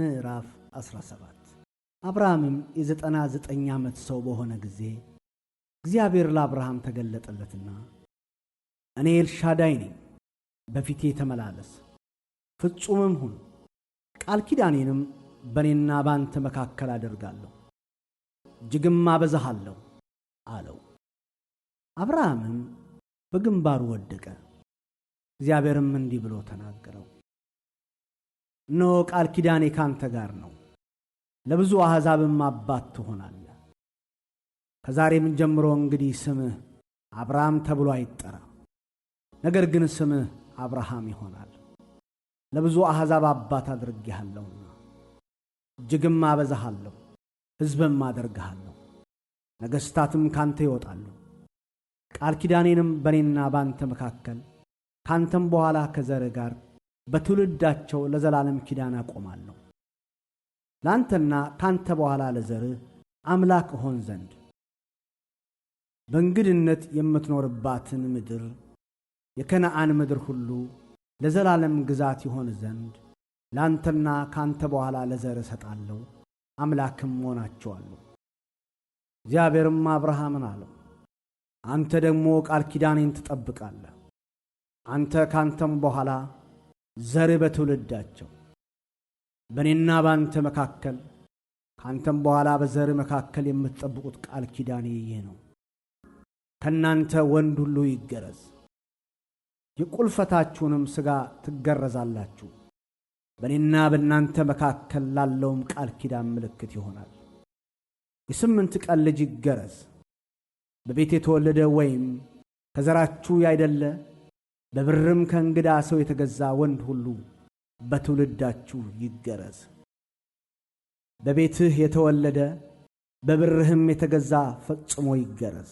ምዕራፍ 17 አብርሃምም የዘጠና ዘጠኝ ዓመት ሰው በሆነ ጊዜ እግዚአብሔር ለአብርሃም ተገለጠለትና እኔ ኤልሻዳይ ነኝ፣ በፊቴ ተመላለስ፣ ፍጹምም ሁን፣ ቃል ኪዳኔንም በእኔና ባንተ መካከል አደርጋለሁ፣ እጅግም አበዛሃለሁ አለው። አብርሃምም በግንባሩ ወደቀ። እግዚአብሔርም እንዲህ ብሎ ተናገረው እነሆ ቃል ኪዳኔ ካንተ ጋር ነው፣ ለብዙ አሕዛብም አባት ትሆናለህ። ከዛሬም ጀምሮ እንግዲህ ስምህ አብርሃም ተብሎ አይጠራ፣ ነገር ግን ስምህ አብርሃም ይሆናል፣ ለብዙ አሕዛብ አባት አድርጌሃለሁና እጅግም አበዛሃለሁ፣ ሕዝብም አደርግሃለሁ፣ ነገሥታትም ካንተ ይወጣሉ። ቃል ኪዳኔንም በእኔና ባንተ መካከል ካንተም በኋላ ከዘርህ ጋር በትውልዳቸው ለዘላለም ኪዳን አቆማለሁ። ለአንተና ካንተ በኋላ ለዘርህ አምላክ እሆን ዘንድ በእንግድነት የምትኖርባትን ምድር የከነአን ምድር ሁሉ ለዘላለም ግዛት ይሆን ዘንድ ለአንተና ካንተ በኋላ ለዘር እሰጣለሁ፣ አምላክም ሆናቸዋለሁ። እግዚአብሔርም አብርሃምን አለው፣ አንተ ደግሞ ቃል ኪዳኔን ትጠብቃለህ አንተ ካንተም በኋላ ዘር በትውልዳቸው በእኔና በአንተ መካከል ከአንተም በኋላ በዘር መካከል የምትጠብቁት ቃል ኪዳኔ ይህ ነው። ከእናንተ ወንድ ሁሉ ይገረዝ፣ የቁልፈታችሁንም ሥጋ ትገረዛላችሁ። በእኔና በእናንተ መካከል ላለውም ቃል ኪዳን ምልክት ይሆናል። የስምንት ቀን ልጅ ይገረዝ፣ በቤት የተወለደ ወይም ከዘራችሁ ያይደለ በብርም ከእንግዳ ሰው የተገዛ ወንድ ሁሉ በትውልዳችሁ ይገረዝ። በቤትህ የተወለደ በብርህም የተገዛ ፈጽሞ ይገረዝ።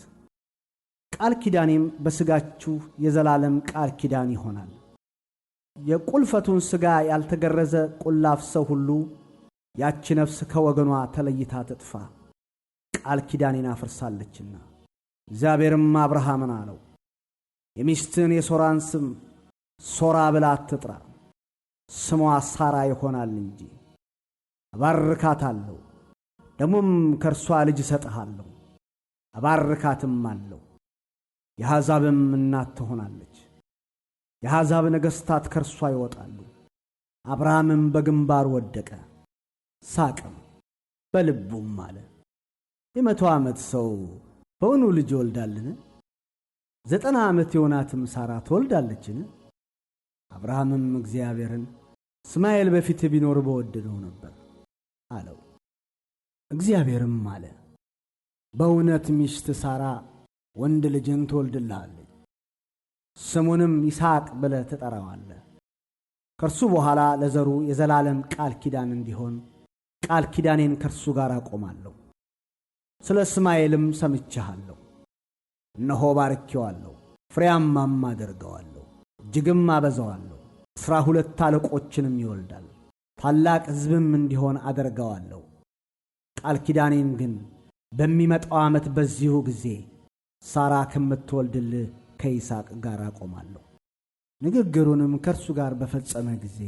ቃል ኪዳኔም በሥጋችሁ የዘላለም ቃል ኪዳን ይሆናል። የቁልፈቱን ሥጋ ያልተገረዘ ቁላፍ ሰው ሁሉ ያቺ ነፍስ ከወገኗ ተለይታ ትጥፋ፣ ቃል ኪዳኔን አፍርሳለችና። እግዚአብሔርም አብርሃምን አለው የሚስትን የሶራን ስም ሶራ ብላ አትጥራ፣ ስሟ ሳራ ይሆናል እንጂ። አባርካታለሁ፣ ደግሞም ከእርሷ ልጅ እሰጥሃለሁ፣ አባርካትም አለው። የአሕዛብም እናት ትሆናለች፣ የአሕዛብ ነገሥታት ከእርሷ ይወጣሉ። አብርሃምም በግንባር ወደቀ፣ ሳቅም በልቡም አለ፣ የመቶ ዓመት ሰው በውኑ ልጅ ይወልዳልን? ዘጠና ዓመት የሆናትም ሳራ ትወልዳለችን? አብርሃምም እግዚአብሔርን እስማኤል በፊት ቢኖር በወደደው ነበር አለው። እግዚአብሔርም አለ፣ በእውነት ሚስት ሳራ ወንድ ልጅን ትወልድልሃለች፣ ስሙንም ይስሐቅ ብለህ ትጠራዋለህ። ከእርሱ በኋላ ለዘሩ የዘላለም ቃል ኪዳን እንዲሆን ቃል ኪዳኔን ከእርሱ ጋር አቆማለሁ። ስለ እስማኤልም ሰምቼሃለሁ። እነሆ ባርኬዋለሁ፣ ፍሬያማም አደርገዋለሁ፣ እጅግም አበዛዋለሁ። አሥራ ሁለት አለቆችንም ይወልዳል፣ ታላቅ ሕዝብም እንዲሆን አደርገዋለሁ። ቃል ኪዳኔን ግን በሚመጣው ዓመት በዚሁ ጊዜ ሳራ ከምትወልድልህ ከይስሐቅ ጋር አቆማለሁ። ንግግሩንም ከእርሱ ጋር በፈጸመ ጊዜ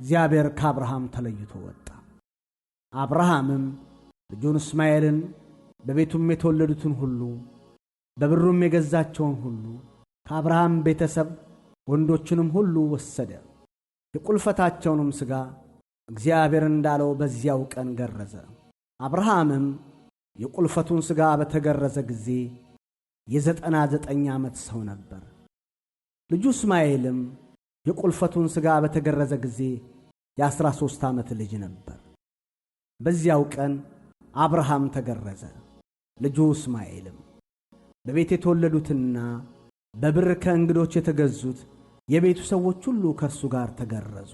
እግዚአብሔር ከአብርሃም ተለይቶ ወጣ። አብርሃምም ልጁን እስማኤልን በቤቱም የተወለዱትን ሁሉ በብሩም የገዛቸውን ሁሉ ከአብርሃም ቤተሰብ ወንዶችንም ሁሉ ወሰደ። የቁልፈታቸውንም ሥጋ እግዚአብሔር እንዳለው በዚያው ቀን ገረዘ። አብርሃምም የቁልፈቱን ሥጋ በተገረዘ ጊዜ የዘጠና ዘጠኝ ዓመት ሰው ነበር። ልጁ እስማኤልም የቁልፈቱን ሥጋ በተገረዘ ጊዜ የአሥራ ሦስት ዓመት ልጅ ነበር። በዚያው ቀን አብርሃም ተገረዘ፣ ልጁ እስማኤልም በቤት የተወለዱትና በብር ከእንግዶች የተገዙት የቤቱ ሰዎች ሁሉ ከእሱ ጋር ተገረዙ።